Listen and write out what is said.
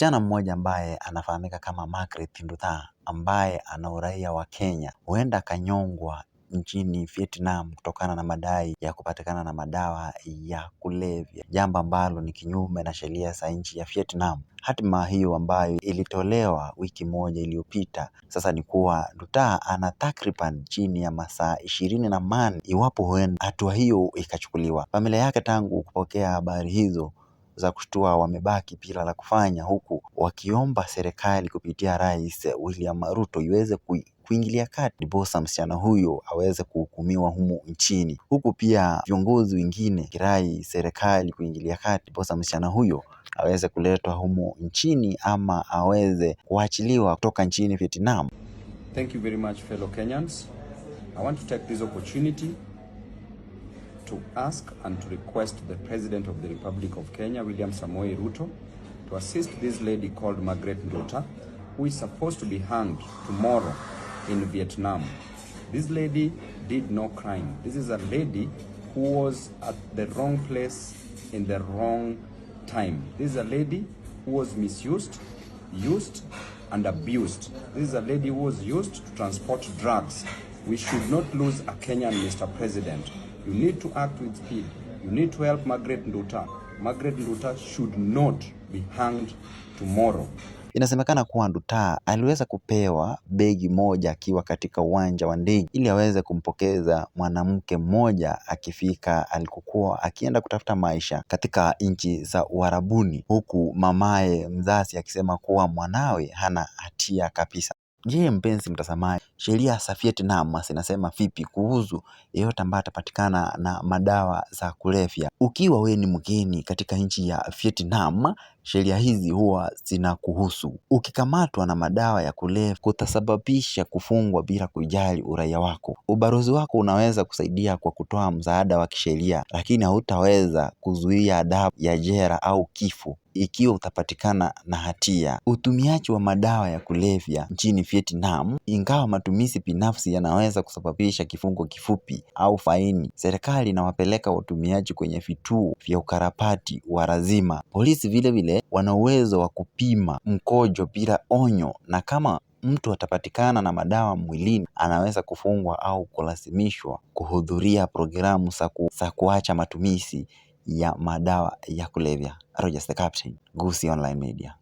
msichana mmoja ambaye anafahamika kama Margaret Nduta ambaye ana uraia wa Kenya huenda akanyongwa nchini Vietnam kutokana na madai ya kupatikana na madawa ya kulevya, jambo ambalo ni kinyume na sheria za nchi ya Vietnam. Hatima hiyo ambayo ilitolewa wiki moja iliyopita sasa ni kuwa Nduta ana takriban chini ya masaa ishirini na mane iwapo huenda hatua hiyo ikachukuliwa. Familia yake tangu kupokea habari hizo za kushtua wamebaki bila la kufanya huku wakiomba serikali kupitia Rais William Ruto iweze kuingilia kati ndiposa msichana huyo aweze kuhukumiwa humu nchini, huku pia viongozi wengine kirai serikali kuingilia kati ndiposa msichana huyo aweze kuletwa humu nchini ama aweze kuachiliwa kutoka nchini Vietnam. Thank you very much fellow Kenyans. I want to take this opportunity to ask and to request the President of the Republic of Kenya, William Samoei Ruto, to assist this lady called Margaret Ndota, who is supposed to be hanged tomorrow in Vietnam. This lady did no crime. This is a lady who was at the wrong place in the wrong time. This is a lady who was misused, used, and abused. This is a lady who was used to transport drugs. We should not lose a Kenyan, Mr. President. You need to act with speed. You need to help Margaret Nduta. Margaret Nduta should not be hanged tomorrow. Inasemekana kuwa Nduta aliweza kupewa begi moja akiwa katika uwanja wa ndege ili aweze kumpokeza mwanamke mmoja akifika alikokuwa akienda kutafuta maisha katika nchi za Uarabuni, huku mamaye mzazi akisema kuwa mwanawe hana hatia kabisa. Je mpenzi mtazamaji, sheria za Vietnam zinasema vipi kuhusu yeyote ambaye atapatikana na madawa za kulevya? Ukiwa we ni mgeni katika nchi ya Vietnam sheria hizi huwa zinakuhusu. Ukikamatwa na madawa ya kulevya kutasababisha kufungwa bila kujali uraia wako. Ubalozi wako unaweza kusaidia kwa kutoa msaada wa kisheria, lakini hautaweza kuzuia adhabu ya jela au kifo ikiwa utapatikana na hatia. Utumiaji wa madawa ya kulevya nchini Vietnam, ingawa matumizi binafsi yanaweza kusababisha kifungo kifupi au faini, serikali inawapeleka watumiaji kwenye vituo vya ukarabati wa lazima. Polisi vilevile wana uwezo wa kupima mkojo bila onyo, na kama mtu atapatikana na madawa mwilini anaweza kufungwa au kulazimishwa kuhudhuria programu za kuacha matumizi ya madawa ya kulevya. Rogers the Captain, Gusii Online Media.